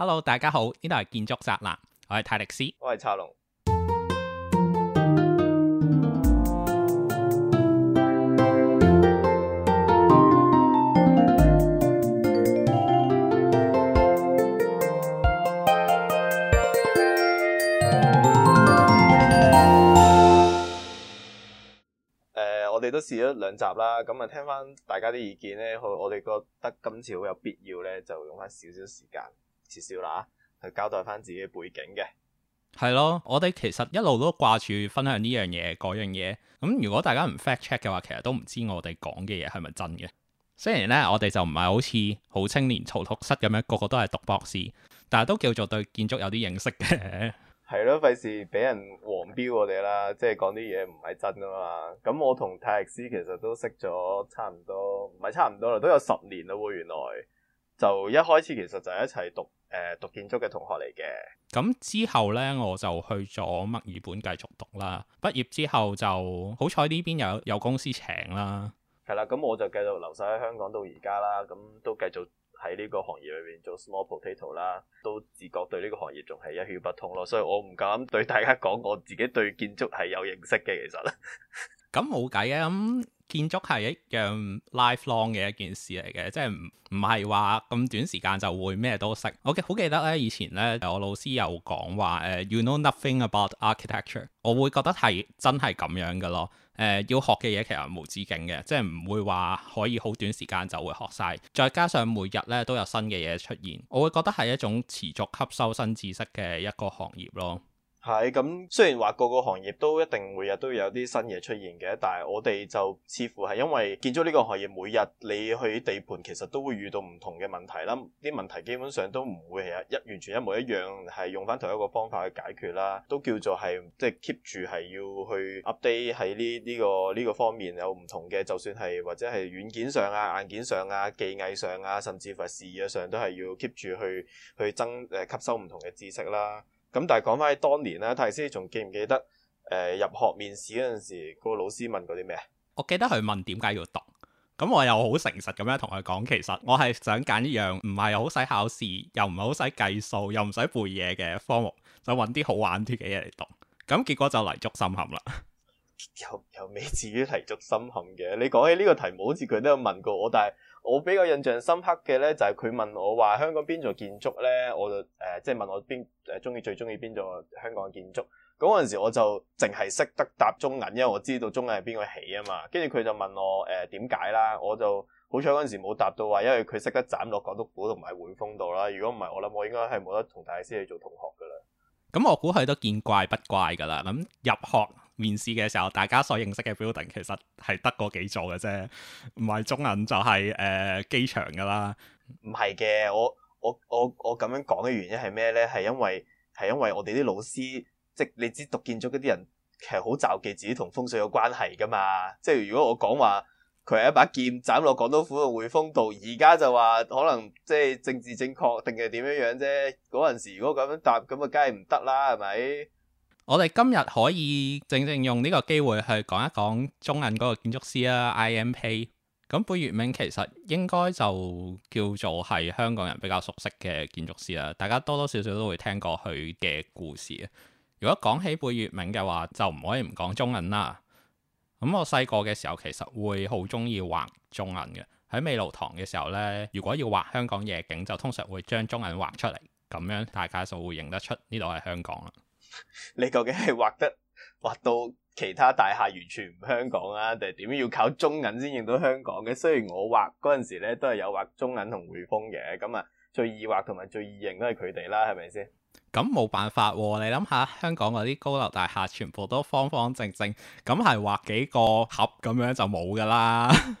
Hello，大家好，呢度係建築宅男，我係泰迪斯，呃，我係查龍。誒，我哋都試咗兩集啦，咁啊，聽翻大家啲意見咧，我我哋覺得今次好有必要咧，就用翻少少時間。少少啦，去交代翻自己背景嘅。係咯，我哋其實一路都掛住分享呢樣嘢、嗰樣嘢。咁如果大家唔 fact check 嘅話，其實都唔知我哋講嘅嘢係咪真嘅。雖然咧，我哋就唔係好似好青年荼毒室咁樣，個個都係讀博士，但係都叫做對建築有啲認識嘅。係咯， 費事俾人黃標我哋啦，即係講啲嘢唔係真啊嘛。咁我同泰迪斯其實都識咗差唔多，唔係差唔多啦，都有十年啦喎，原來。就一開始其實就一齊讀誒、呃、讀建築嘅同學嚟嘅。咁之後呢，我就去咗墨爾本繼續讀啦。畢業之後就好彩呢邊有有公司請啦。係啦，咁我就繼續留曬喺香港到而家啦。咁都繼續喺呢個行業裏面做 small potato 啦。都自覺對呢個行業仲係一竅不通咯。所以我唔敢對大家講我自己對建築係有認識嘅其實。 咁冇計嘅，咁建築係一樣 lifelong 嘅一件事嚟嘅，即係唔唔係話咁短時間就會咩都識。我記好記得呢，以前呢，我老師有講話誒，You know nothing about architecture。我會覺得係真係咁樣嘅咯。誒，要學嘅嘢其實無止境嘅，即係唔會話可以好短時間就會學晒。再加上每日呢都有新嘅嘢出現，我會覺得係一種持續吸收新知識嘅一個行業咯。係咁，雖然話個個行業都一定每日都有啲新嘢出現嘅，但係我哋就似乎係因為建築呢個行業，每日你去地盤其實都會遇到唔同嘅問題啦。啲問題基本上都唔會係一完全一模一樣，係用翻同一個方法去解決啦。都叫做係即係 keep 住係要去 update 喺呢呢個呢個方面有唔同嘅，就算係或者係軟件上啊、硬件上啊、技藝上啊，甚至乎係事業上都係要 keep 住去去增誒吸收唔同嘅知識啦。咁但係講翻喺當年咧，泰斯，仲記唔記得誒、呃、入學面試嗰陣時，個老師問過啲咩？我記得佢問點解要讀，咁我又好誠實咁樣同佢講，其實我係想揀一樣唔係好使考試，又唔係好使計數，又唔使背嘢嘅科目，就揾啲好玩啲嘅嘢嚟讀。咁結果就泥足深陷啦，又又未至於泥足深陷嘅。你講起呢個題目，好似佢都有問過我，但係。我比較印象深刻嘅咧，就係、是、佢問我話香港邊座建築咧，我就誒、呃、即係問我邊誒中意最中意邊座香港嘅建築。嗰陣時我就淨係識得答中銀，因為我知道中銀係邊個起啊嘛。跟住佢就問我誒點解啦，我就好彩嗰陣時冇答到話，因為佢識得斬落港督府同埋滙豐度啦。如果唔係，我諗我應該係冇得同大師去做同學噶啦。咁我估係都見怪不怪噶啦。咁入學。面試嘅時候，大家所認識嘅 building 其實係得嗰幾座嘅啫，唔係中銀就係誒機場噶啦。唔係嘅，我我我我咁樣講嘅原因係咩咧？係因為係因為我哋啲老師，即係你知讀建築嗰啲人，其實好就記自己同風水有關係噶嘛。即係如果我講話佢係一把劍斬落港督府嘅匯豐度，而家就話可能即係政治正確定係點樣樣啫。嗰陣時如果咁樣答，咁啊梗係唔得啦，係咪？我哋今日可以正正用呢個機會去講一講中銀嗰個建築師啦、啊，IMP。咁貝聿銘其實應該就叫做係香港人比較熟悉嘅建築師啦、啊，大家多多少少都會聽過佢嘅故事、啊。如果講起貝聿銘嘅話，就唔可以唔講中銀啦。咁我細個嘅時候其實會好中意畫中銀嘅。喺美勞堂嘅時候呢，如果要畫香港夜景，就通常會將中銀畫出嚟，咁樣大家就會認得出呢度係香港啦。 你究竟係畫得畫到其他大廈完全唔香港啊？定係點要靠中銀先認到香港嘅？雖然我畫嗰陣時咧都係有畫中銀同匯豐嘅，咁啊最易畫同埋最易認都係佢哋啦，係咪先？咁冇辦法、啊，你諗下香港嗰啲高樓大廈全部都方方正正，咁係畫幾個盒咁樣就冇噶啦。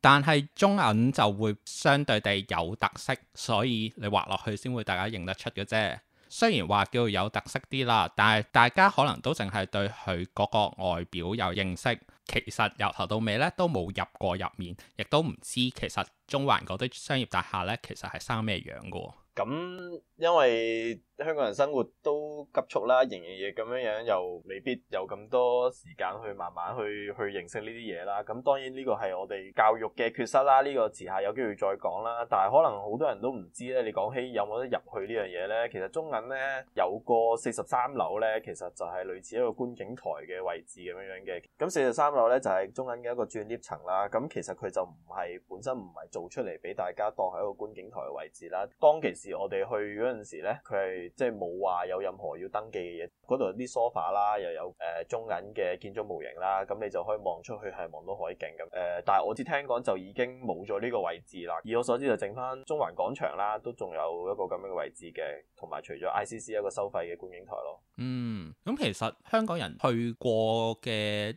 但係中銀就會相對地有特色，所以你畫落去先會大家認得出嘅啫。雖然話叫有特色啲啦，但係大家可能都淨係對佢嗰個外表有認識，其實由頭到尾咧都冇入過入面，亦都唔知其實中環嗰啲商業大廈咧其實係生咩樣嘅。咁因為香港人生活都急促啦，仍然樣樣嘢咁樣樣又未必有咁多時間去慢慢去去認識呢啲嘢啦。咁當然呢個係我哋教育嘅缺失啦。呢個遲下有機會再講啦。但係可能好多人都唔知咧，你講起有冇得入去呢樣嘢咧？其實中銀咧有個四十三樓咧，其實就係類似一個觀景台嘅位置咁樣樣嘅。咁四十三樓咧就係中銀嘅一個轉 lift 層啦。咁其實佢就唔係本身唔係做出嚟俾大家當係一個觀景台嘅位置啦。當其時我哋去嗰陣時咧，佢係。即係冇話有任何要登記嘅嘢，嗰度有啲 sofa 啦，又有誒中銀嘅建築模型啦，咁你就可以望出去係望到海景咁誒。但係我只聽講就已經冇咗呢個位置啦。以我所知就剩翻中環廣場啦，都仲有一個咁樣嘅位置嘅，同埋除咗 ICC 一個收費嘅觀景台咯。嗯，咁其實香港人去過嘅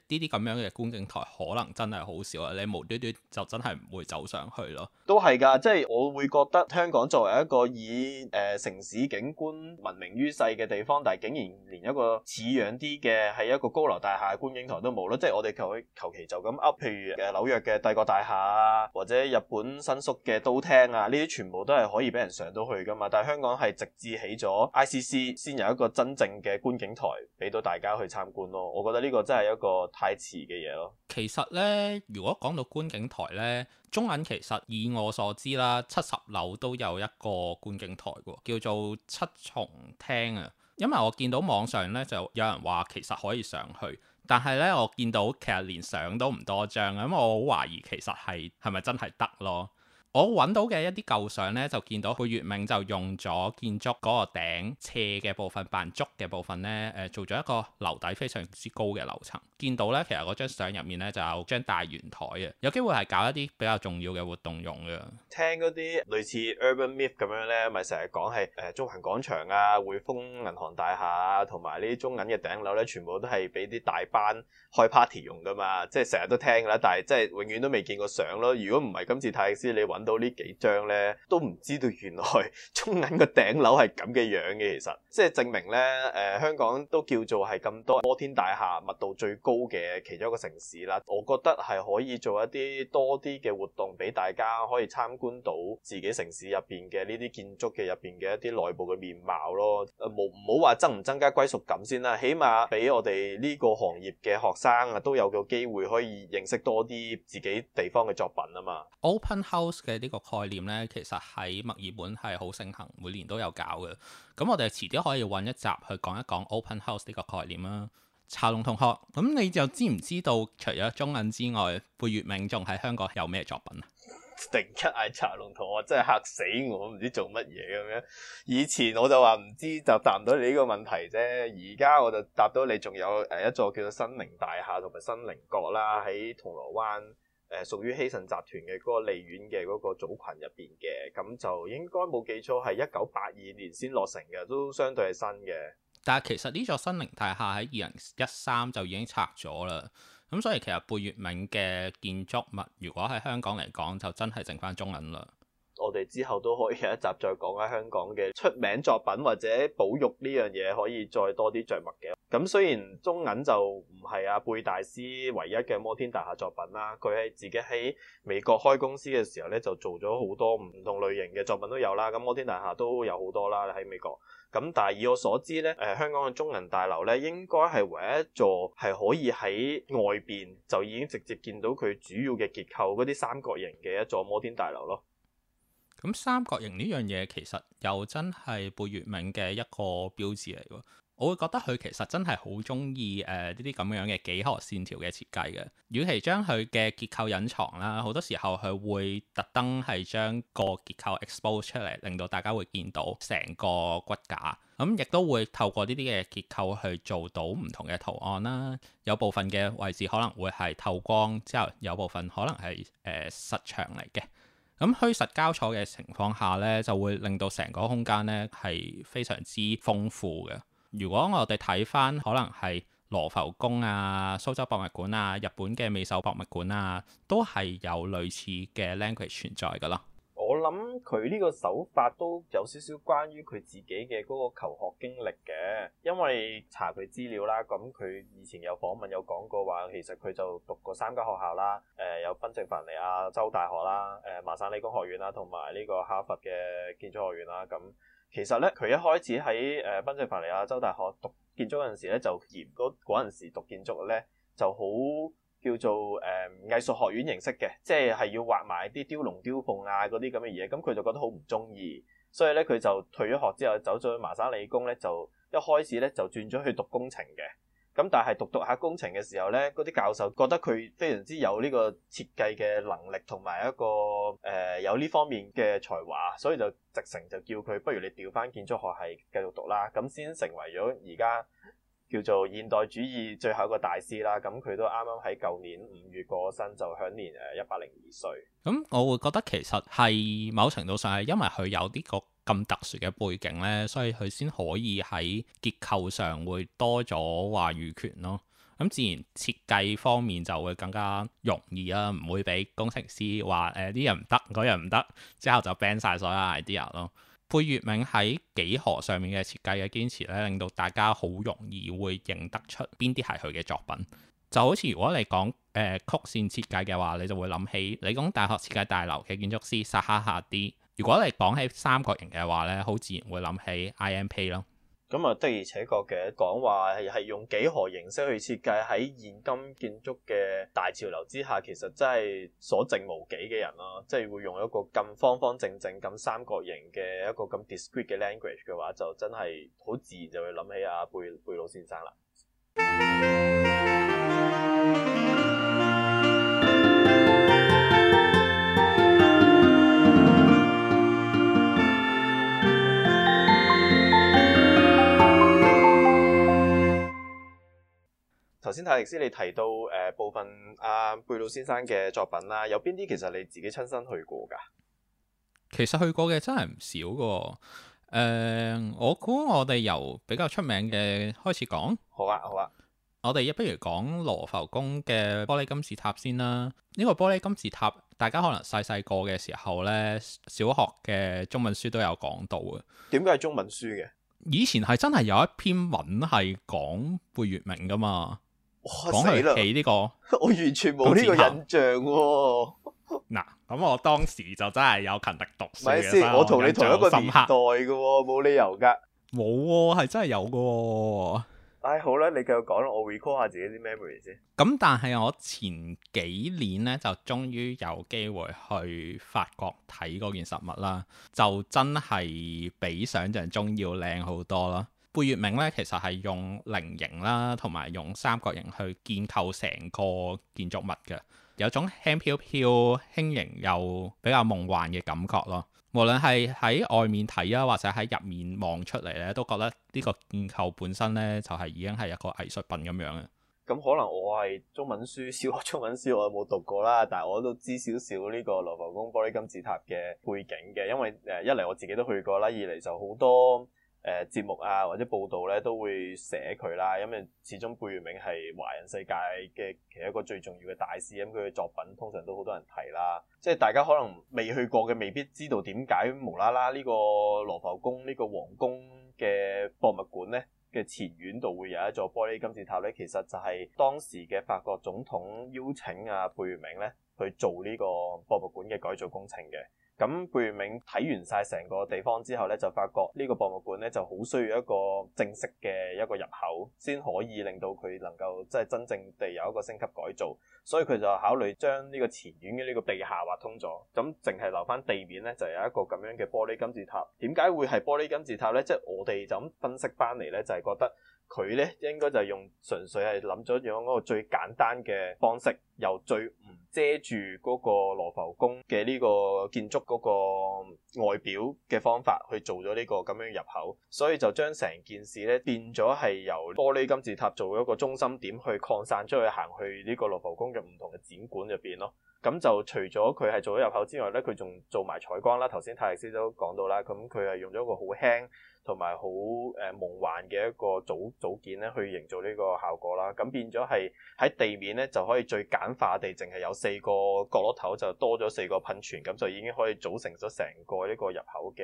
呢啲咁樣嘅觀景台，可能真係好少啊。你無端端就真係唔會走上去咯，都係噶。即係我會覺得香港作為一個以誒城市景觀，聞名於世嘅地方，但係竟然連一個似樣啲嘅，係一個高樓大廈嘅觀景台都冇咯，即係我哋求求其就咁噏，譬如誒紐約嘅帝國大廈啊，或者日本新宿嘅都廳啊，呢啲全部都係可以俾人上到去噶嘛，但係香港係直至起咗 ICC 先有一個真正嘅觀景台俾到大家去參觀咯，我覺得呢個真係一個太遲嘅嘢咯。其實呢，如果講到觀景台呢。中銀其實以我所知啦，七十樓都有一個觀景台喎，叫做七重廳啊。因為我見到網上呢，就有人話其實可以上去，但係呢，我見到其實連相都唔多張啊，咁我好懷疑其實係係咪真係得咯。我揾到嘅一啲舊相呢，就見到佢月餅就用咗建築嗰個頂斜嘅部分、扮竹嘅部分呢，誒，做咗一個樓底非常之高嘅樓層。見到咧，其實嗰張相入面咧就有張大圓枱啊，有機會係搞一啲比較重要嘅活動用嘅。聽嗰啲類似 Urban Myth 咁樣咧，咪成日講係誒中環廣場啊、匯豐銀行大廈啊，同埋呢啲中銀嘅頂樓咧，全部都係俾啲大班開 party 用噶嘛，即係成日都聽噶啦，但係即係永遠都未見過相咯。如果唔係今次泰迪斯你揾到呢幾張咧，都唔知道原來中銀嘅頂樓係咁嘅樣嘅，其實即係證明咧，誒、呃、香港都叫做係咁多摩天大廈密度最高嘅其中一個城市啦，我覺得係可以做一啲多啲嘅活動，俾大家可以參觀到自己城市入邊嘅呢啲建築嘅入邊嘅一啲內部嘅面貌咯。誒、啊，冇唔好話增唔增加歸屬感先啦，起碼俾我哋呢個行業嘅學生啊都有個機會可以認識多啲自己地方嘅作品啊嘛。Open House 嘅呢個概念呢，其實喺墨爾本係好盛行，每年都有搞嘅。咁我哋遲啲可以揾一集去講一講 Open House 呢個概念啦。查龍同學，咁你就知唔知道除咗中銀之外，貝聿銘仲喺香港有咩作品啊？定一係查龍同學，真係嚇死我，唔知做乜嘢咁樣。以前我就話唔知，就答唔到你呢個問題啫。而家我就答到你，仲有誒一座叫做新寧大廈同埋新寧閣啦，喺銅鑼灣誒，屬於希慎集團嘅嗰個利苑嘅嗰個組群入邊嘅。咁就應該冇記錯，係一九八二年先落成嘅，都相對係新嘅。但係其實呢座新寧大廈喺二零一三就已經拆咗啦，咁所以其實貝聿銘嘅建築物，如果喺香港嚟講，就真係剩翻中銀啦。我哋之後都可以有一集再講下香港嘅出名作品或者保育呢樣嘢，可以再多啲著墨嘅。咁雖然中銀就唔係阿貝大師唯一嘅摩天大廈作品啦，佢喺自己喺美國開公司嘅時候咧，就做咗好多唔同類型嘅作品都有啦。咁摩天大廈都有好多啦，喺美國。咁但係以我所知咧，誒香港嘅中銀大樓咧，應該係唯一一座係可以喺外邊就已經直接見到佢主要嘅結構嗰啲三角形嘅一座摩天大樓咯。咁三角形呢樣嘢其實又真係貝聿銘嘅一個標誌嚟喎，我會覺得佢其實真係好中意誒呢啲咁樣嘅幾何線條嘅設計嘅。與其將佢嘅結構隱藏啦，好多時候佢會特登係將個結構 expose 出嚟，令到大家會見到成個骨架。咁亦都會透過呢啲嘅結構去做到唔同嘅圖案啦。有部分嘅位置可能會係透光，之後有部分可能係誒、呃、實牆嚟嘅。咁虛實交錯嘅情況下呢，就會令到成個空間呢係非常之豐富嘅。如果我哋睇翻，可能係羅浮宮啊、蘇州博物館啊、日本嘅美秀博物館啊，都係有類似嘅 language 存在噶啦。咁，佢呢個手法都有少少關於佢自己嘅嗰個求學經歷嘅，因為查佢資料啦，咁佢以前有訪問有講過話，其實佢就讀過三間學校啦，誒有賓夕法尼亞州大學啦，誒麻省理工學院啦，同埋呢個哈佛嘅建築學院啦，咁其實咧佢一開始喺誒賓夕法尼亞州大學讀建築嗰陣時咧，就嫌嗰嗰陣時讀建築咧就好。叫做誒、嗯、藝術學院形式嘅，即係係要畫埋啲雕龍雕鳳啊嗰啲咁嘅嘢，咁佢就覺得好唔鍾意，所以咧佢就退咗學之後走咗去麻省理工咧，就一開始咧就轉咗去讀工程嘅，咁但係讀讀下工程嘅時候咧，嗰啲教授覺得佢非常之有呢個設計嘅能力同埋一個誒、呃、有呢方面嘅才華，所以就直程就叫佢不如你調返建築學系繼續讀啦，咁先成為咗而家。叫做現代主義最後一個大師啦，咁佢都啱啱喺舊年五月過身，就享年誒一百零二歲。咁我會覺得其實係某程度上係因為佢有呢個咁特殊嘅背景咧，所以佢先可以喺結構上會多咗話語權咯。咁自然設計方面就會更加容易啊，唔會俾工程師話誒呢樣唔得，嗰樣唔得，之後就 ban 晒所有 idea 咯。貝聿銘喺幾何上面嘅設計嘅堅持咧，令到大家好容易會認得出邊啲係佢嘅作品。就好似如果你講誒、呃、曲線設計嘅話，你就會諗起理工大學設計大樓嘅建築師薩哈哈迪；如果你講起三角形嘅話咧，好自然會諗起 IMP 咯。咁啊，的而且確嘅講話係係用幾何形式去設計，喺現今建築嘅大潮流之下，其實真係所剩無幾嘅人咯。即係會用一個咁方方正正、咁三角形嘅一個咁 discrete 嘅 language 嘅話，就真係好自然就會諗起阿貝貝老先生啦。泰迪斯，你提到誒、呃、部分阿、啊、貝魯先生嘅作品啦、啊，有邊啲其實你自己親身去過噶？其實去過嘅真係唔少嘅。誒、呃，我估我哋由比較出名嘅開始講。好啊，好啊。我哋不如講羅浮宮嘅玻璃金字塔先啦。呢、這個玻璃金字塔，大家可能細細個嘅時候呢，小學嘅中文書都有講到嘅。點解係中文書嘅？以前係真係有一篇文係講貝聿銘噶嘛。講哇起呢、呢個，我完全冇呢個印象。嗱，咁我當時就真係有勤力讀書。唔係等，即我同你同一個年代噶，冇 理由噶。冇、哦，係真係有噶。唉、哎，好啦，你繼續講啦，我 recall 下自己啲 memory 先。咁但係我前幾年咧，就終於有機會去法國睇嗰件實物啦，就真係比想象中要靚好多咯。貝聿銘咧，其實係用菱形啦，同埋用三角形去建構成個建築物嘅，有種輕飄飄、輕盈又比較夢幻嘅感覺咯。無論係喺外面睇啊，或者喺入面望出嚟咧，都覺得呢個建構本身咧就係、是、已經係一個藝術品咁樣嘅。咁、嗯、可能我係中文書小、小學中文書我冇讀過啦，但係我都知少少呢個羅浮宮玻璃金字塔嘅背景嘅，因為誒、呃、一嚟我自己都去過啦，二嚟就好多。誒節目啊，或者報道咧，都會寫佢啦，因為始終貝聿銘係華人世界嘅其中一個最重要嘅大師，咁佢嘅作品通常都好多人提啦。即係大家可能未去過嘅，未必知道點解無啦啦呢個羅浮宮呢、呢個皇宮嘅博物館咧嘅前院度會有一座玻璃金字塔咧，其實就係當時嘅法國總統邀請啊貝聿銘咧去做呢個博物館嘅改造工程嘅。咁貝聿銘睇完晒成個地方之後咧，就發覺呢個博物館咧就好需要一個正式嘅一個入口，先可以令到佢能夠即係真正地有一個升級改造。所以佢就考慮將呢個前院嘅呢個地下挖通咗，咁淨係留翻地面咧，就有一個咁樣嘅玻璃金字塔。點解會係玻璃金字塔咧？即係我哋就咁分析翻嚟咧，就係覺得。佢咧應該就係用純粹係諗咗用嗰個最簡單嘅方式，由最唔遮住嗰個羅浮宮嘅呢個建築嗰個外表嘅方法去做咗呢個咁樣入口，所以就將成件事咧變咗係由玻璃金字塔做咗個中心點去擴散出去行去呢個羅浮宮嘅唔同嘅展館入邊咯。咁就除咗佢係做咗入口之外咧，佢仲做埋採光啦。頭先泰迪斯都講到啦，咁佢係用咗一個好輕，同埋好誒夢幻嘅一個組組件咧，去營造呢個效果啦。咁變咗係喺地面咧，就可以最簡化地，淨係有四個角落頭，就多咗四個噴泉，咁就已經可以組成咗成個呢個入口嘅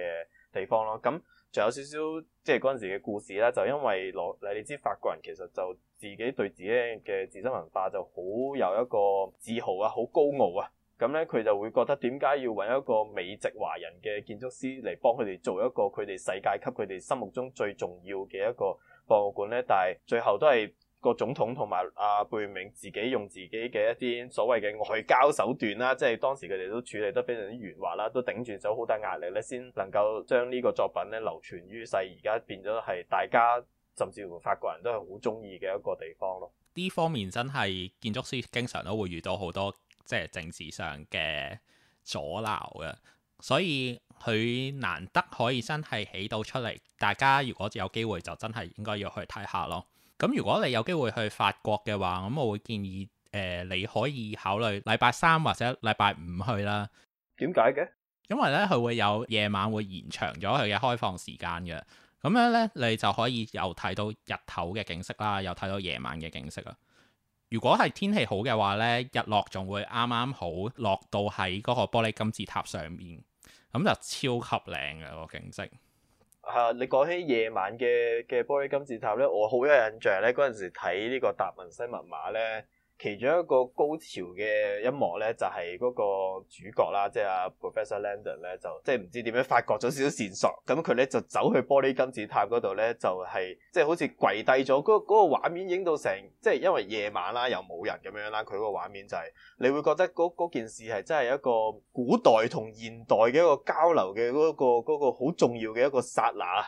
地方咯。咁仲有少少即係嗰陣時嘅故事啦。就因為羅你哋知法國人其實就自己對自己嘅自身文化就好有一個自豪啊，好高傲啊。咁咧，佢就會覺得點解要搵一個美籍華人嘅建築師嚟幫佢哋做一個佢哋世界級、佢哋心目中最重要嘅一個博物館呢？但係最後都係個總統同埋阿貝明自己用自己嘅一啲所謂嘅外交手段啦，即係當時佢哋都處理得非常之圓滑啦，都頂住咗好大壓力咧，先能夠將呢個作品咧流傳於世。而家變咗係大家甚至乎法國人都係好鍾意嘅一個地方咯。呢方面真係建築師經常都會遇到好多。即係政治上嘅阻撓嘅，所以佢難得可以真係起到出嚟。大家如果有機會就真係應該要去睇下咯。咁如果你有機會去法國嘅話，咁我會建議誒、呃、你可以考慮禮拜三或者禮拜五去啦。點解嘅？因為呢，佢會有夜晚會延長咗佢嘅開放時間嘅。咁樣呢，你就可以又睇到日頭嘅景色啦，又睇到夜晚嘅景色啦。如果係天氣好嘅話咧，日落仲會啱啱好落到喺嗰個玻璃金字塔上面，咁就超級靚嘅個景色。嚇、啊！你講起夜晚嘅嘅玻璃金字塔咧，我好有印象咧，嗰陣時睇呢個達文西密碼咧。其中一個高潮嘅音樂咧，就係嗰個主角啦，即係啊 Professor Landon 咧，就即係唔知點樣發覺咗少少線索，咁佢咧就走去玻璃金字塔嗰度咧，就係即係好似跪低咗嗰嗰個畫面，影到成即係因為夜晚啦，又冇人咁樣啦，佢個畫面就係你會覺得嗰件事係真係一個古代同現代嘅一個交流嘅嗰個嗰個好重要嘅一個剎那。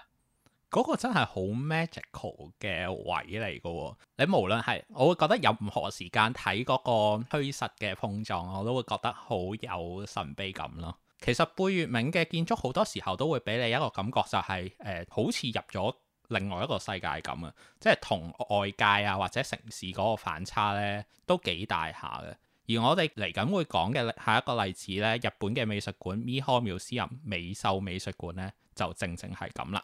嗰個真係好 magical 嘅位嚟㗎、哦。你無論係，我會覺得任何時間睇嗰個虛實嘅碰撞，我都會覺得好有神秘感咯。其實貝聿銘嘅建築好多時候都會俾你一個感覺，就係，就係誒好似入咗另外一個世界咁啊。即係同外界啊或者城市嗰個反差呢都幾大下嘅。而我哋嚟緊會講嘅下一個例子呢，日本嘅美術館 ——Miho Museum 美秀美術館呢，就正正係咁啦。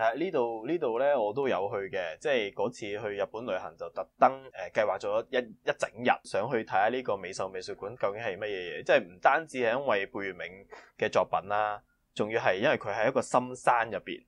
啊，呢度呢度咧我都有去嘅，即係嗰次去日本旅行就特登誒計劃咗一一整日想去睇下呢個美秀美術館究竟係乜嘢嘢，即係唔單止係因為貝聿銘嘅作品啦，仲要係因為佢喺一個深山入邊，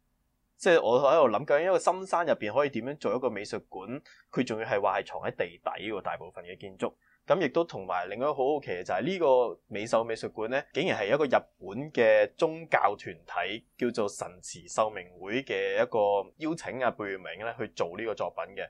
即係我喺度諗緊，一個深山入邊可以點樣做一個美術館，佢仲要係話係藏喺地底，大部分嘅建築。咁亦都同埋，另外好好奇嘅就係呢個美秀美術館咧，竟然係一個日本嘅宗教團體叫做神慈秀明會嘅一個邀請啊，貝聿銘咧去做呢個作品嘅。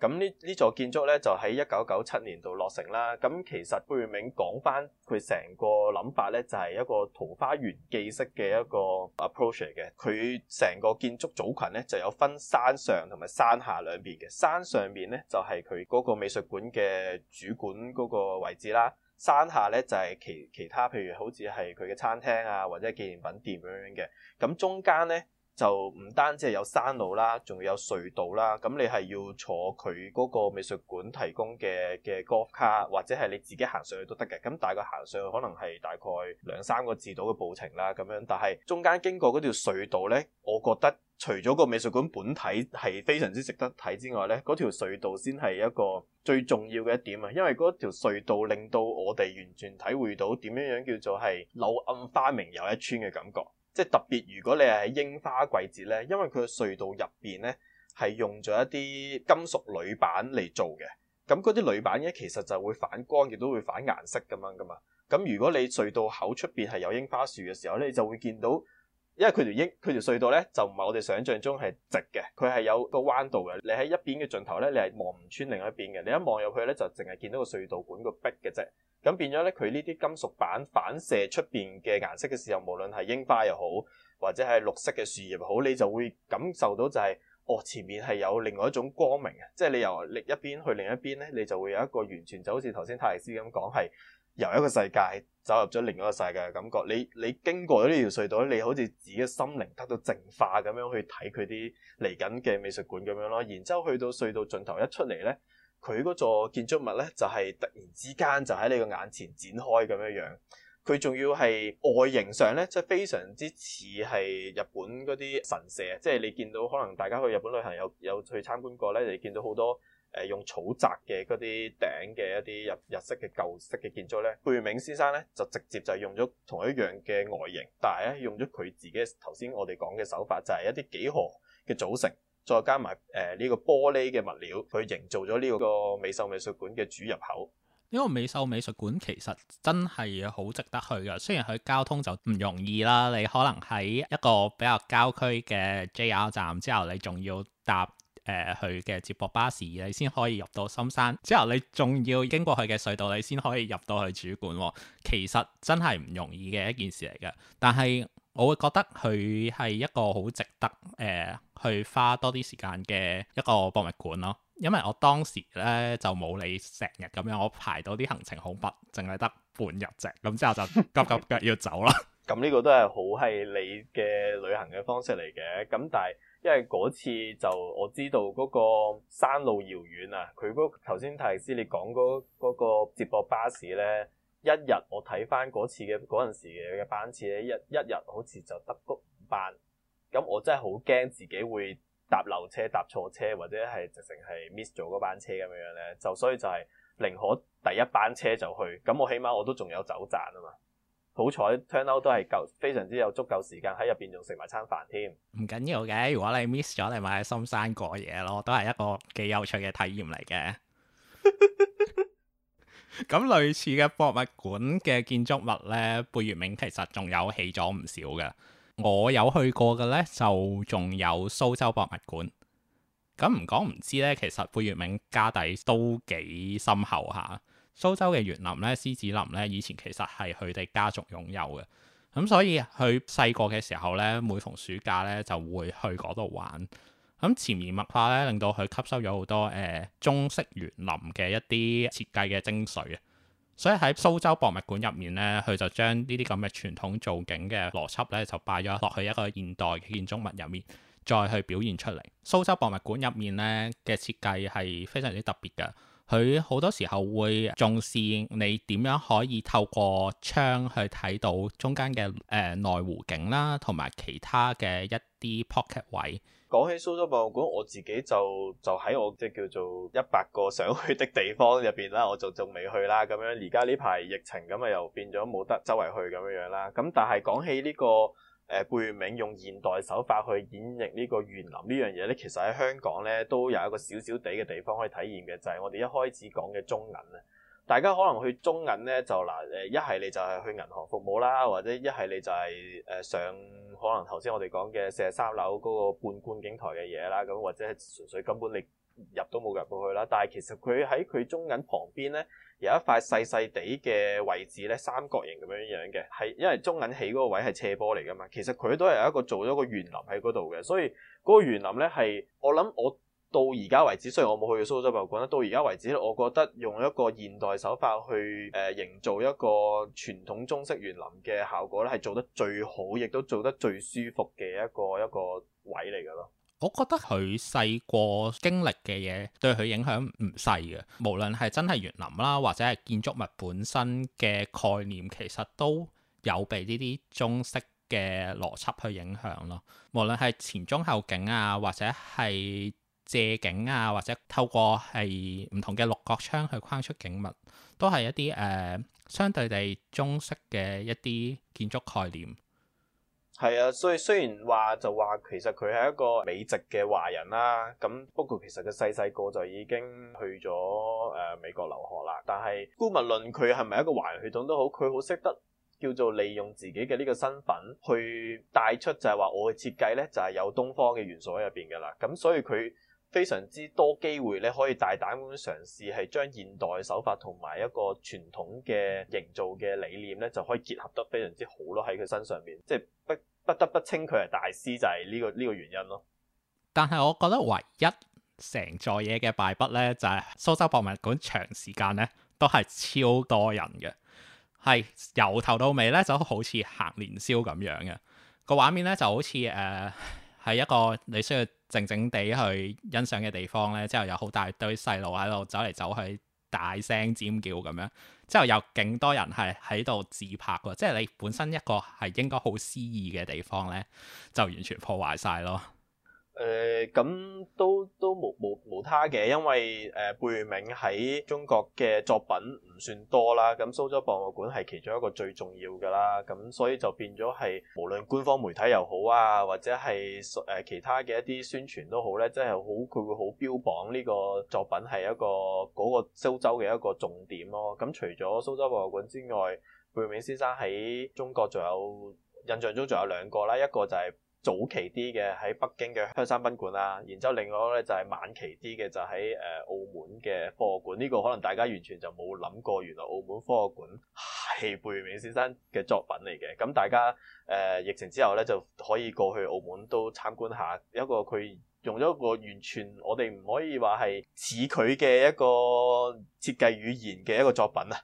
咁呢呢座建築咧就喺一九九七年度落成啦。咁其實貝聿銘講翻佢成個諗法咧，就係、是、一個桃花源記式嘅一個 approach 嘅。佢成個建築組群咧就有分山上同埋山下兩邊嘅。山上面咧就係佢嗰個美術館嘅主館嗰個位置啦。山下咧就係、是、其其他譬如好似係佢嘅餐廳啊或者紀念品店咁樣嘅。咁中間咧。就唔單止係有山路啦，仲有隧道啦。咁你係要坐佢嗰個美術館提供嘅嘅高卡，或者係你自己行上去都得嘅。咁大概行上去可能係大概兩三個字度嘅步程啦。咁樣，但係中間經過嗰條隧道呢，我覺得除咗個美術館本體係非常之值得睇之外呢，嗰條隧道先係一個最重要嘅一點啊。因為嗰條隧道令到我哋完全體會到點樣樣叫做係柳暗花明又一村嘅感覺。即係特別，如果你係喺櫻花季節咧，因為佢個隧道入邊咧係用咗一啲金屬鋁板嚟做嘅，咁嗰啲鋁板咧其實就會反光，亦都會反顏色咁樣噶嘛。咁如果你隧道口出邊係有櫻花樹嘅時候咧，你就會見到。因為佢條櫻佢條隧道咧就唔係我哋想像中係直嘅，佢係有個彎道嘅。你喺一邊嘅盡頭咧，你係望唔穿另一邊嘅。你一望入去咧，就淨係見到個隧道管個壁嘅啫。咁變咗咧，佢呢啲金屬板反射出面嘅顏色嘅時候，無論係櫻花又好，或者係綠色嘅樹葉又好，你就會感受到就係，哦，前面係有另外一種光明嘅，即係你由另一邊去另一邊咧，你就會有一個完全就好似頭先泰迪斯咁講係。由一個世界走入咗另一個世界嘅感覺，你你經過咗呢條隧道，你好似自己嘅心靈得到淨化咁樣去睇佢啲嚟緊嘅美術館咁樣咯。然之後去到隧道盡頭一出嚟呢，佢嗰座建築物呢，就係突然之間就喺你個眼前展開咁樣樣。佢仲要係外形上呢，即係非常之似係日本嗰啲神社，即係你見到可能大家去日本旅行有有去參觀過呢，你見到好多。誒用草宅嘅嗰啲頂嘅一啲日日式嘅舊式嘅建築咧，貝聿銘先生咧就直接就係用咗同一樣嘅外形，但係咧用咗佢自己頭先我哋講嘅手法，就係一啲幾何嘅組成，再加埋誒呢個玻璃嘅物料去營造咗呢個美秀美術館嘅主入口。呢個美秀美術館其實真係好值得去嘅，雖然佢交通就唔容易啦，你可能喺一個比較郊區嘅 JR 站，之後，你仲要搭。誒，去嘅接駁巴士，你先可以入到深山。之後你仲要經過佢嘅隧道，你先可以入到去主館，哦。其實真係唔容易嘅一件事嚟嘅。但係我會覺得佢係一個好值得誒、呃、去花多啲時間嘅一個博物館咯。因為我當時咧就冇你成日咁樣，我排到啲行程好密，淨係得半日啫。咁之後就急急腳要走啦。咁呢 個都係好係你嘅旅行嘅方式嚟嘅。咁但係。因為嗰次就我知道嗰個山路遙遠啊，佢嗰頭先提示你講嗰、那個那個接駁巴士咧，一日我睇翻嗰次嘅嗰陣時嘅班次咧，一一日好似就得嗰班，咁我真係好驚自己會搭漏車搭錯車，或者係直情係 miss 咗嗰班車咁樣咧，就所以就係寧可第一班車就去，咁我起碼我都仲有走盞吖嘛。好彩 turn out 都係夠，非常之有足夠時間喺入邊，仲食埋餐飯添。唔緊要嘅，如果你 miss 咗，你咪喺深山過夜咯，都係一個幾有趣嘅體驗嚟嘅。咁 類似嘅博物館嘅建築物呢，貝聿銘其實仲有起咗唔少嘅。我有去過嘅呢，就仲有蘇州博物館。咁唔講唔知呢，其實貝聿銘家底都幾深厚吓。蘇州嘅園林呢，獅子林呢，以前其實係佢哋家族擁有嘅，咁所以佢細個嘅時候呢，每逢暑假呢，就會去嗰度玩。咁潛移默化呢，令到佢吸收咗好多誒、呃、中式園林嘅一啲設計嘅精髓啊。所以喺蘇州博物館入面呢，佢就將呢啲咁嘅傳統造景嘅邏輯呢，就擺咗落去一個現代建築物入面，再去表現出嚟。蘇州博物館入面呢嘅設計係非常之特別嘅。佢好多時候會重視你點樣可以透過窗去睇到中間嘅誒、呃、內湖景啦，同埋其他嘅一啲 Pocket 位。講起蘇州博物館，我自己就就喺我即叫做一百個想去的地方入邊啦，我就仲未去啦。咁樣而家呢排疫情咁啊，又變咗冇得周圍去咁樣樣啦。咁但係講起呢、這個。誒、呃、貝聿銘用現代手法去演繹呢個園林呢樣嘢咧，其實喺香港咧都有一個少少地嘅地方可以體驗嘅，就係、是、我哋一開始講嘅中銀啊。大家可能去中銀咧，就嗱誒一係你就係去銀行服務啦，或者一係你就係誒上可能頭先我哋講嘅四十三樓嗰個半觀景台嘅嘢啦，咁或者係純粹根本你入都冇入到去啦。但係其實佢喺佢中銀旁邊咧。有一塊細細地嘅位置咧，三角形咁樣樣嘅，係因為中銀起嗰個位係斜坡嚟噶嘛，其實佢都係有一個做咗個園林喺嗰度嘅，所以嗰個園林咧，係我諗我到而家為止，雖然我冇去過蘇州博物館啦，到而家為止，我覺得用一個現代手法去誒、呃、營造一個傳統中式園林嘅效果咧，係做得最好，亦都做得最舒服嘅一個一個位嚟噶咯。我覺得佢細個經歷嘅嘢對佢影響唔細嘅，無論係真係園林啦，或者係建築物本身嘅概念，其實都有被呢啲中式嘅邏輯去影響咯。無論係前中後景啊，或者係借景啊，或者透過係唔同嘅六角窗去框出景物，都係一啲誒、呃、相對地中式嘅一啲建築概念。係啊，所以雖然話就話其實佢係一個美籍嘅華人啦，咁不過其實佢細細個就已經去咗誒、呃、美國留學啦。但係姑勿論佢係咪一個華人血統都好，佢好識得叫做利用自己嘅呢個身份去帶出，就係話我嘅設計呢，就係、是、有東方嘅元素喺入邊㗎啦。咁所以佢非常之多機會咧，可以大膽咁樣嘗試，係將現代手法同埋一個傳統嘅營造嘅理念咧，就可以結合得非常之好咯。喺佢身上面，即係不不得不稱佢係大師，就係呢個呢個原因咯。但係我覺得唯一成座嘢嘅敗筆咧，就係蘇州博物館長時間咧都係超多人嘅，係由頭到尾咧就好似行年宵咁樣嘅個畫面咧就好似誒。呃係一個你需要靜靜地去欣賞嘅地方呢，之後有好大堆細路喺度走嚟走去大聲尖叫咁樣，之後有勁多人係喺度自拍喎，即係你本身一個係應該好詩意嘅地方呢，就完全破壞晒咯。誒咁、呃、都都冇冇冇他嘅，因為誒、呃、貝聿銘喺中國嘅作品唔算多啦，咁、嗯、蘇州博物館係其中一個最重要嘅啦，咁、嗯、所以就變咗係無論官方媒體又好啊，或者係誒、呃、其他嘅一啲宣傳都好咧，即係好佢會好標榜呢個作品係一個嗰、那個蘇州嘅一個重點咯。咁、嗯嗯、除咗蘇州博物館之外，貝聿銘先生喺中國仲有印象中仲有兩個啦，一個就係、是。早期啲嘅喺北京嘅香山賓館啊，然之後另外咧就係晚期啲嘅就喺、是、誒、呃、澳門嘅科學館呢、這個可能大家完全就冇諗過原來澳門科學館係貝聿銘先生嘅作品嚟嘅。咁大家誒、呃、疫情之後咧就可以過去澳門都參觀一下，一個佢用咗一個完全我哋唔可以話係似佢嘅一個設計語言嘅一個作品啊。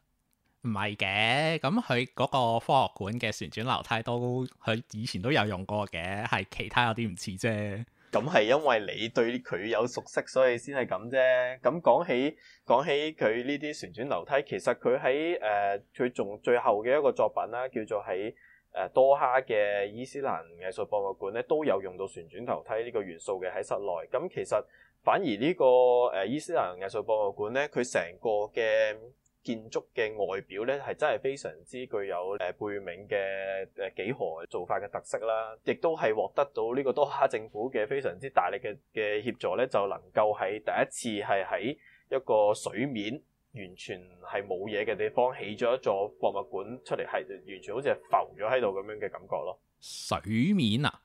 唔係嘅，咁佢嗰個科學館嘅旋轉樓梯都佢以前都有用過嘅，係其他有啲唔似啫。咁係因為你對佢有熟悉，所以先係咁啫。咁講起講起佢呢啲旋轉樓梯，其實佢喺誒佢仲最後嘅一個作品啦，叫做喺誒多哈嘅伊斯蘭藝術博物館咧，都有用到旋轉樓梯呢個元素嘅喺室內。咁其實反而呢、這個誒、呃、伊斯蘭藝術博物館咧，佢成個嘅。建築嘅外表呢係真係非常之具有誒貝聿銘嘅誒幾何做法嘅特色啦，亦都係獲得到呢個多哈政府嘅非常之大力嘅嘅協助呢就能夠喺第一次係喺一個水面完全係冇嘢嘅地方起咗一座博物館出嚟，係完全好似係浮咗喺度咁樣嘅感覺咯。水面啊！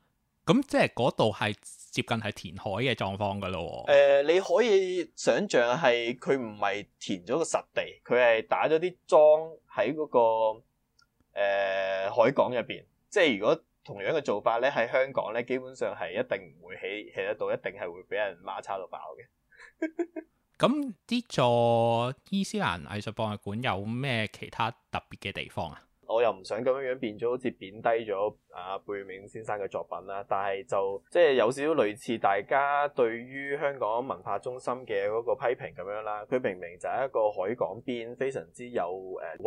咁即係嗰度係接近係填海嘅狀況噶咯喎。你可以想象係佢唔係填咗個實地，佢係打咗啲樁喺嗰個，呃、海港入邊。即係如果同樣嘅做法咧，喺香港咧，基本上係一定唔會起起得到，一定係會俾人媽叉到爆嘅。咁 呢座伊斯蘭藝術博物館有咩其他特別嘅地方啊？我又唔想咁樣樣變咗好似貶低咗阿貝銘先生嘅作品啦，但係就即係有少少類似大家對於香港文化中心嘅嗰個批評咁樣啦。佢明明就係一個海港邊，非常之有誒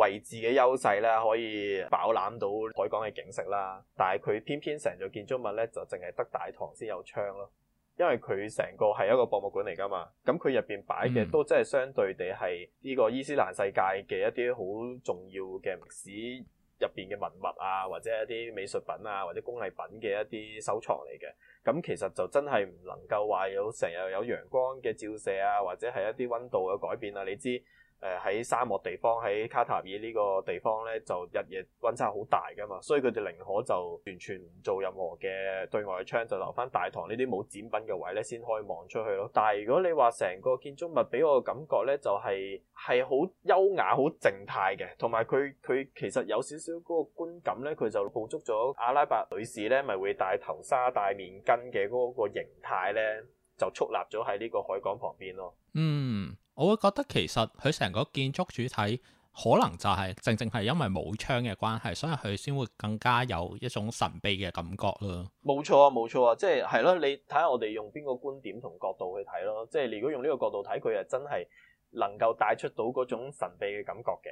位置嘅優勢啦，可以飽覽到海港嘅景色啦。但係佢偏偏成座建築物咧，就淨係得大堂先有窗咯。因為佢成個係一個博物館嚟噶嘛，咁佢入邊擺嘅都真係相對地係呢個伊斯蘭世界嘅一啲好重要嘅歷史入邊嘅文物啊，或者一啲美術品啊，或者工藝品嘅一啲收藏嚟嘅。咁、嗯、其實就真係唔能夠話有成日有陽光嘅照射啊，或者係一啲溫度嘅改變啊，你知。誒，喺沙漠地方，喺卡塔爾呢個地方呢，就日夜溫差好大噶嘛，所以佢哋寧可就完全唔做任何嘅對外窗，就留翻大堂呢啲冇展品嘅位呢，先可以望出去咯。但係如果你話成個建築物俾我感覺呢，就係係好優雅、好靜態嘅，同埋佢佢其實有少少嗰個觀感呢，佢就捕捉咗阿拉伯女士呢咪會戴頭紗、戴面巾嘅嗰個形態呢，就矗立咗喺呢個海港旁邊咯。嗯。我會覺得其實佢成個建築主體可能就係正正係因為冇窗嘅關係，所以佢先會更加有一種神秘嘅感覺咯。冇錯啊，冇錯啊，即係係咯。你睇下我哋用邊個觀點同角度去睇咯，即係如果用呢個角度睇，佢係真係能夠帶出到嗰種神秘嘅感覺嘅。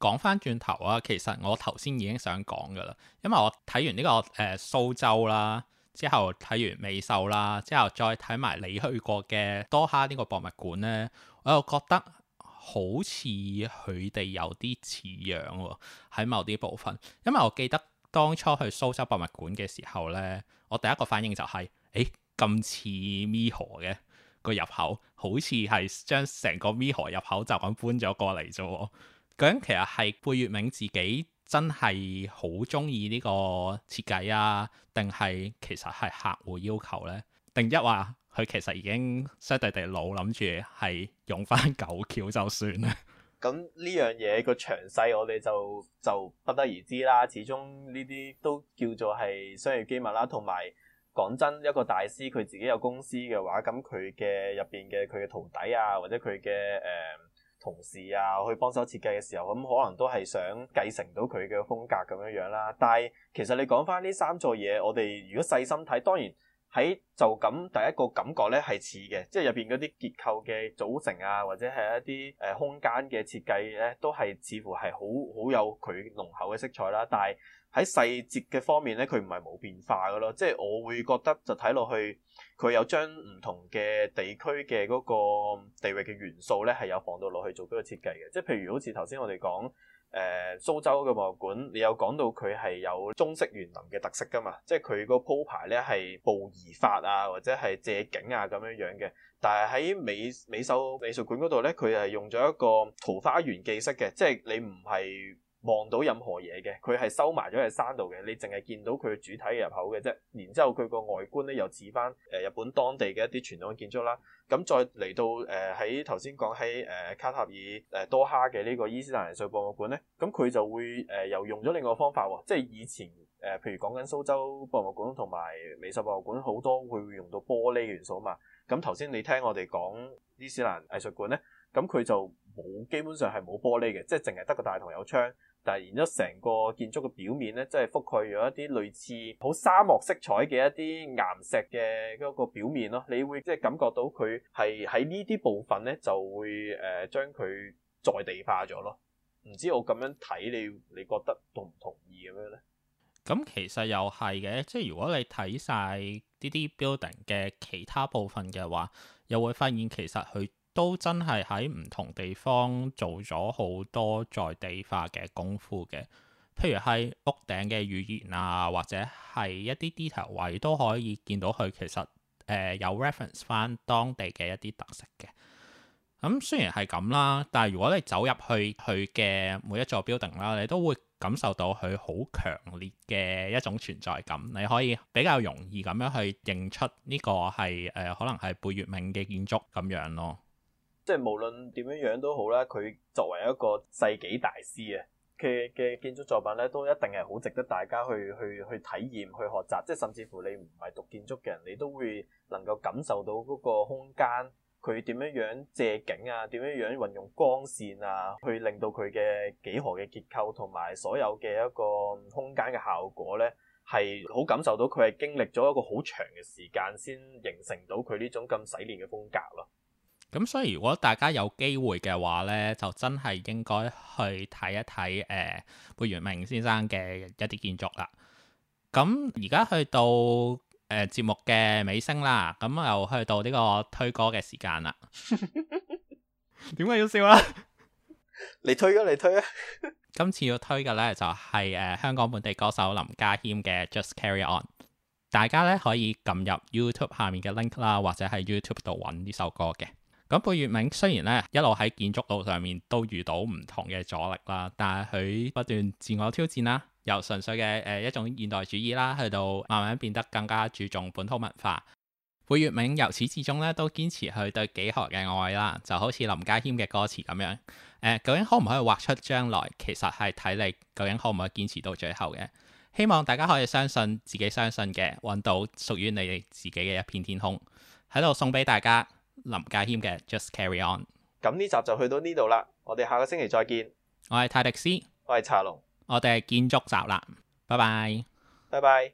講翻轉頭啊，其實我頭先已經想講噶啦，因為我睇完呢個、這個誒、呃、蘇州啦，之後睇完美秀啦，之後再睇埋你去過嘅多哈呢個博物館呢。我又覺得好似佢哋有啲似樣喎、哦，喺某啲部分。因為我記得當初去蘇州博物館嘅時候呢，我第一個反應就係、是，誒咁似咪河嘅個入口，好似係將成個咪河入口就咁搬咗過嚟啫。究竟其實係貝聿銘自己真係好中意呢個設計啊，定係其實係客戶要求呢？定一話佢其實已經失地地老，諗住係用翻舊橋，就算啦。咁呢樣嘢，個詳細我哋就就不得而知啦。始終呢啲都叫做係商業機密啦。同埋講真，一個大師佢自己有公司嘅話，咁佢嘅入邊嘅佢嘅徒弟啊，或者佢嘅誒同事啊，去幫手設計嘅時候，咁可能都係想繼承到佢嘅風格咁樣樣啦。但係其實你講翻呢三座嘢，我哋如果細心睇，當然。喺就咁第一個感覺咧係似嘅，即係入邊嗰啲結構嘅組成啊，或者係一啲誒空間嘅設計咧，都係似乎係好好有佢濃厚嘅色彩啦。但係喺細節嘅方面咧，佢唔係冇變化噶咯。即係我會覺得就睇落去，佢有將唔同嘅地區嘅嗰個地域嘅元素咧，係有放到落去做嗰個設計嘅。即係譬如好似頭先我哋講。誒、呃、蘇州嘅博物館，你有講到佢係有中式園林嘅特色噶嘛？即係佢個鋪排咧係步移法啊，或者係借景啊咁樣樣嘅。但係喺美美秀美術館嗰度咧，佢係用咗一個桃花源記式嘅，即係你唔係望到任何嘢嘅，佢係收埋咗喺山度嘅，你淨係見到佢主體嘅入口嘅啫。然之後佢個外觀咧又似翻誒日本當地嘅一啲傳統建築啦。咁、嗯、再嚟到誒喺頭先講起誒、呃、卡塔爾誒、呃、多哈嘅呢個伊斯蘭藝術博物館咧，咁、嗯、佢就會誒、呃、又用咗另外個方法喎，即係以前誒、呃、譬如講緊蘇州博物館同埋美術博物館好多會用到玻璃元素啊嘛。咁頭先你聽我哋講伊斯蘭藝術館咧。咁佢、嗯、就冇，基本上係冇玻璃嘅，即係淨係得個大堂有窗。但係然之後成個建築嘅表面咧，即係覆蓋咗一啲類似好沙漠色彩嘅一啲岩石嘅嗰個表面咯。你會即係感覺到佢係喺呢啲部分咧，就會誒將佢在地化咗咯。唔知我咁樣睇你，你覺得同唔同意咁樣咧？咁其實又係嘅，即係如果你睇晒呢啲 building 嘅其他部分嘅話，又會發現其實佢。都真係喺唔同地方做咗好多在地化嘅功夫嘅，譬如係屋頂嘅語言啊，或者係一啲 detail 位都可以見到佢其實誒、呃、有 reference 翻當地嘅一啲特色嘅。咁、嗯、雖然係咁啦，但係如果你走入去佢嘅每一座 building 啦，你都會感受到佢好強烈嘅一種存在感，你可以比較容易咁樣去認出呢個係誒、呃、可能係貝聿銘嘅建築咁樣咯。即係無論點樣樣都好啦，佢作為一個世紀大師嘅嘅建築作品咧，都一定係好值得大家去去去體驗、去學習。即係甚至乎你唔係讀建築嘅人，你都會能夠感受到嗰個空間佢點樣樣借景啊，點樣樣運用光線啊，去令到佢嘅幾何嘅結構同埋所有嘅一個空間嘅效果咧，係好感受到佢係經歷咗一個好長嘅時間先形成到佢呢種咁洗練嘅風格咯。咁所以如果大家有機會嘅話呢，就真係應該去睇一睇誒、呃、貝元明先生嘅一啲建築啦。咁而家去到誒、呃、節目嘅尾聲啦，咁又去到呢個推歌嘅時間啦。點解 要笑啊，你推啊？你推啊！嚟推啊！今次要推嘅呢就係、是、誒、呃、香港本地歌手林家謙嘅《Just Carry On》。大家呢可以撳入 YouTube 下面嘅 link 啦，或者喺 YouTube 度揾呢首歌嘅。咁貝聿銘雖然咧一路喺建築路上面都遇到唔同嘅阻力啦，但係佢不斷自我挑戰啦，由純粹嘅誒、呃、一種現代主義啦，去到慢慢變得更加注重本土文化。貝聿銘由始至終咧都堅持去對幾何嘅愛啦，就好似林家謙嘅歌詞咁樣、呃。究竟可唔可以畫出將來，其實係睇你究竟可唔可以堅持到最後嘅。希望大家可以相信自己，相信嘅，搵到屬於你哋自己嘅一片天空，喺度送俾大家。林家謙嘅 Just Carry On，咁呢集就去到呢度啦，我哋下個星期再見。我係泰迪斯，我係查龍，我哋係建築集啦，拜拜，拜拜。